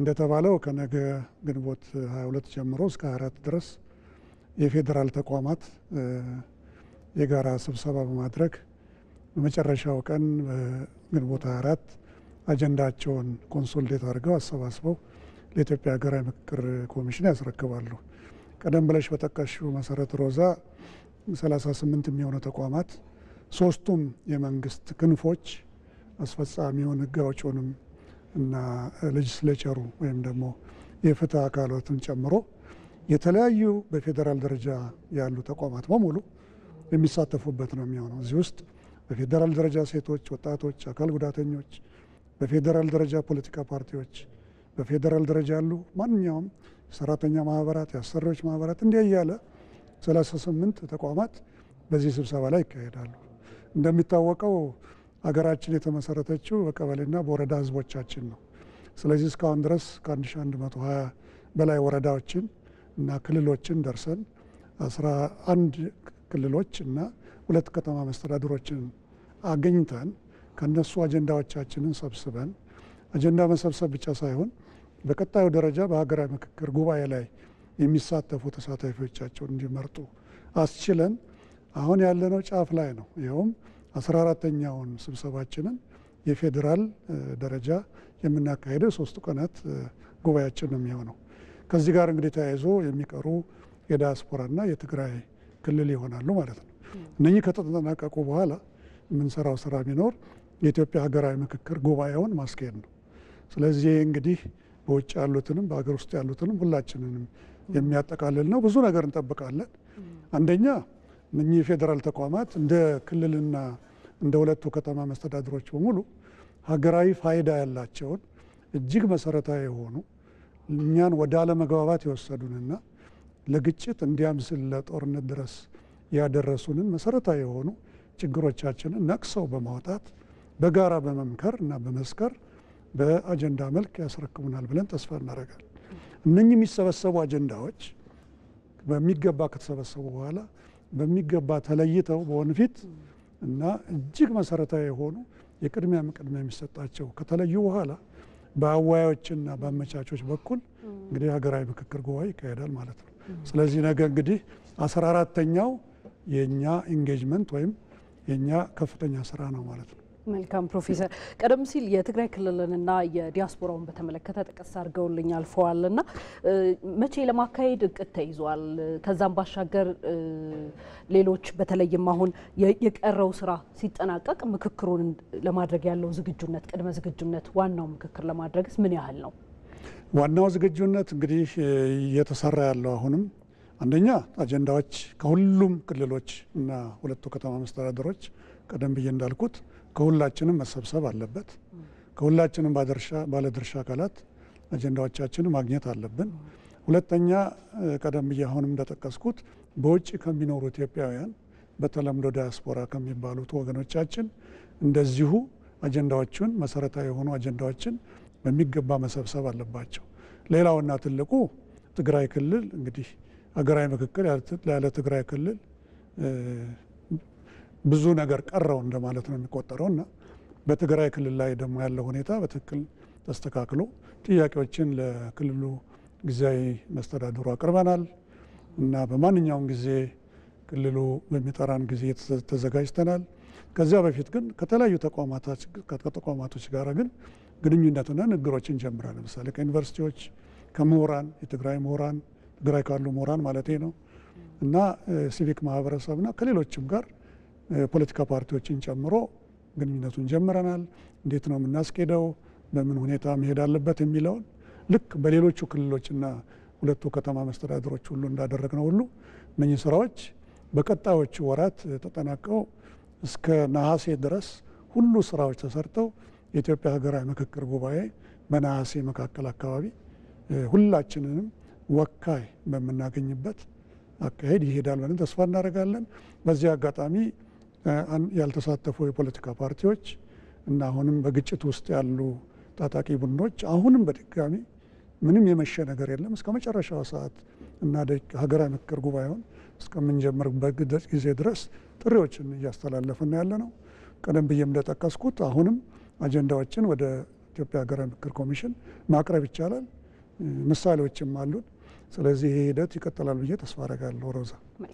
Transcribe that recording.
እንደተባለው ከነገ ግንቦት 22 ጀምሮ እስከ 24 ድረስ የፌዴራል ተቋማት የጋራ ስብሰባ በማድረግ በመጨረሻው ቀን በግንቦት 24 አጀንዳቸውን ኮንሶልዴት አድርገው አሰባስበው ለኢትዮጵያ ሀገራዊ ምክክር ኮሚሽን ያስረክባሉ። ቀደም ብለሽ በጠቀሽው መሰረት ሮዛ 38 የሚሆኑ ተቋማት ሶስቱም የመንግስት ክንፎች አስፈጻሚውን ሕግ አውጪውንም እና ሌጅስሌቸሩ ወይም ደግሞ የፍትህ አካሎትን ጨምሮ የተለያዩ በፌዴራል ደረጃ ያሉ ተቋማት በሙሉ የሚሳተፉበት ነው የሚሆነው። እዚህ ውስጥ በፌዴራል ደረጃ ሴቶች፣ ወጣቶች፣ አካል ጉዳተኞች፣ በፌዴራል ደረጃ ፖለቲካ ፓርቲዎች፣ በፌዴራል ደረጃ ያሉ ማንኛውም ሰራተኛ ማህበራት፣ የአሰሪዎች ማህበራት እንዲህ እያለ 38 ተቋማት በዚህ ስብሰባ ላይ ይካሄዳሉ እንደሚታወቀው አገራችን የተመሰረተችው በቀበሌና በወረዳ ህዝቦቻችን ነው። ስለዚህ እስካሁን ድረስ ከ1120 በላይ ወረዳዎችን እና ክልሎችን ደርሰን 11 ክልሎች እና ሁለት ከተማ መስተዳድሮችን አገኝተን ከነሱ አጀንዳዎቻችንን ሰብስበን አጀንዳ መሰብሰብ ብቻ ሳይሆን በቀጣዩ ደረጃ በሀገራዊ ምክክር ጉባኤ ላይ የሚሳተፉ ተሳታፊዎቻቸውን እንዲመርጡ አስችለን አሁን ያለነው ጫፍ ላይ ነው። ይኸውም አስራ አራተኛውን ስብሰባችንን የፌዴራል ደረጃ የምናካሄደው ሶስቱ ቀናት ጉባኤያችን ነው የሚሆነው። ከዚህ ጋር እንግዲህ ተያይዞ የሚቀሩ የዳያስፖራና የትግራይ ክልል ይሆናሉ ማለት ነው። እነኚህ ከተጠናቀቁ በኋላ የምንሰራው ስራ ቢኖር የኢትዮጵያ ሀገራዊ ምክክር ጉባኤውን ማስካሄድ ነው። ስለዚህ እንግዲህ በውጭ ያሉትንም በሀገር ውስጥ ያሉትንም ሁላችንንም የሚያጠቃልል ነው። ብዙ ነገር እንጠብቃለን። አንደኛ እኚህ የፌዴራል ተቋማት እንደ ክልልና እንደ ሁለቱ ከተማ መስተዳድሮች በሙሉ ሀገራዊ ፋይዳ ያላቸውን እጅግ መሰረታዊ የሆኑ እኛን ወደ አለመግባባት የወሰዱንና ለግጭት እንዲያምስል ለጦርነት ድረስ ያደረሱንን መሰረታዊ የሆኑ ችግሮቻችንን ነቅሰው በማውጣት በጋራ በመምከር እና በመስከር በአጀንዳ መልክ ያስረክቡናል ብለን ተስፋ እናደርጋለን። እነኚህ የሚሰበሰቡ አጀንዳዎች በሚገባ ከተሰበሰቡ በኋላ በሚገባ ተለይተው በወንፊት እና እጅግ መሰረታዊ የሆኑ የቅድሚያ ቅድሚያ የሚሰጣቸው ከተለዩ በኋላ በአዋዮችና በአመቻቾች በኩል እንግዲህ ሀገራዊ ምክክር ጉባኤ ይካሄዳል ማለት ነው። ስለዚህ ነገ እንግዲህ አስራ አራተኛው የእኛ ኢንጌጅመንት ወይም የእኛ ከፍተኛ ስራ ነው ማለት ነው። መልካም ፕሮፌሰር፣ ቀደም ሲል የትግራይ ክልልንና የዲያስፖራውን በተመለከተ ጠቀስ አድርገውልኝ አልፈዋል እና መቼ ለማካሄድ እቅድ ተይዟል? ከዛም ባሻገር ሌሎች በተለይም አሁን የቀረው ስራ ሲጠናቀቅ ምክክሩን ለማድረግ ያለው ዝግጁነት፣ ቅድመ ዝግጁነት፣ ዋናው ምክክር ለማድረግስ ምን ያህል ነው? ዋናው ዝግጁነት እንግዲህ እየተሰራ ያለው አሁንም አንደኛ አጀንዳዎች ከሁሉም ክልሎች እና ሁለቱ ከተማ መስተዳደሮች ቀደም ብዬ እንዳልኩት ከሁላችንም መሰብሰብ አለበት። ከሁላችንም ባለድርሻ አካላት አጀንዳዎቻችን ማግኘት አለብን። ሁለተኛ ቀደም ብዬ አሁንም እንደጠቀስኩት በውጭ ከሚኖሩ ኢትዮጵያውያን በተለምዶ ዳያስፖራ ከሚባሉት ወገኖቻችን እንደዚሁ አጀንዳዎችን መሰረታዊ የሆኑ አጀንዳዎችን በሚገባ መሰብሰብ አለባቸው። ሌላውና ትልቁ ትግራይ ክልል እንግዲህ ሀገራዊ ምክክር ያለ ትግራይ ክልል ብዙ ነገር ቀረው እንደማለት ነው የሚቆጠረው እና በትግራይ ክልል ላይ ደግሞ ያለው ሁኔታ በትክክል ተስተካክሎ ጥያቄዎችን ለክልሉ ጊዜያዊ መስተዳድሩ አቅርበናል እና በማንኛውም ጊዜ ክልሉ በሚጠራን ጊዜ ተዘጋጅተናል። ከዚያ በፊት ግን ከተለያዩ ተቋማቶች ጋር ግን ግንኙነትና ንግግሮችን ጀምራል። ለምሳሌ ከዩኒቨርሲቲዎች፣ ከምሁራን፣ የትግራይ ምሁራን ትግራይ ካሉ ምሁራን ማለት ነው እና ሲቪክ ማህበረሰብና ከሌሎችም ጋር ፖለቲካ ፓርቲዎችን ጨምሮ ግንኙነቱን ጀምረናል። እንዴት ነው የምናስኬደው፣ በምን ሁኔታ መሄድ አለበት የሚለውን ልክ በሌሎቹ ክልሎችና ሁለቱ ከተማ መስተዳድሮች ሁሉ እንዳደረግነው ሁሉ እነኚህ ስራዎች በቀጣዮቹ ወራት ተጠናቀው እስከ ነሐሴ ድረስ ሁሉ ስራዎች ተሰርተው የኢትዮጵያ ሀገራዊ ምክክር ጉባኤ በነሐሴ መካከል አካባቢ ሁላችንንም ወካይ በምናገኝበት አካሄድ ይሄዳል ብለን ተስፋ እናደርጋለን። በዚህ አጋጣሚ ያልተሳተፉ የፖለቲካ ፓርቲዎች እና አሁንም በግጭት ውስጥ ያሉ ታጣቂ ቡድኖች አሁንም በድጋሚ ምንም የመሸ ነገር የለም እስከ መጨረሻው ሰዓት እና ሀገራዊ ምክክር ጉባኤውን እስከምንጀምርበት ጊዜ ድረስ ጥሪዎችን እያስተላለፍን ያለ ነው። ቀደም ብዬ እንደጠቀስኩት አሁንም አጀንዳዎችን ወደ ኢትዮጵያ ሀገራዊ ምክክር ኮሚሽን ማቅረብ ይቻላል። ምሳሌዎችም አሉን። ስለዚህ ይህ ሂደት ይቀጥላል ብዬ ተስፋ አደርጋለሁ ሮዛ።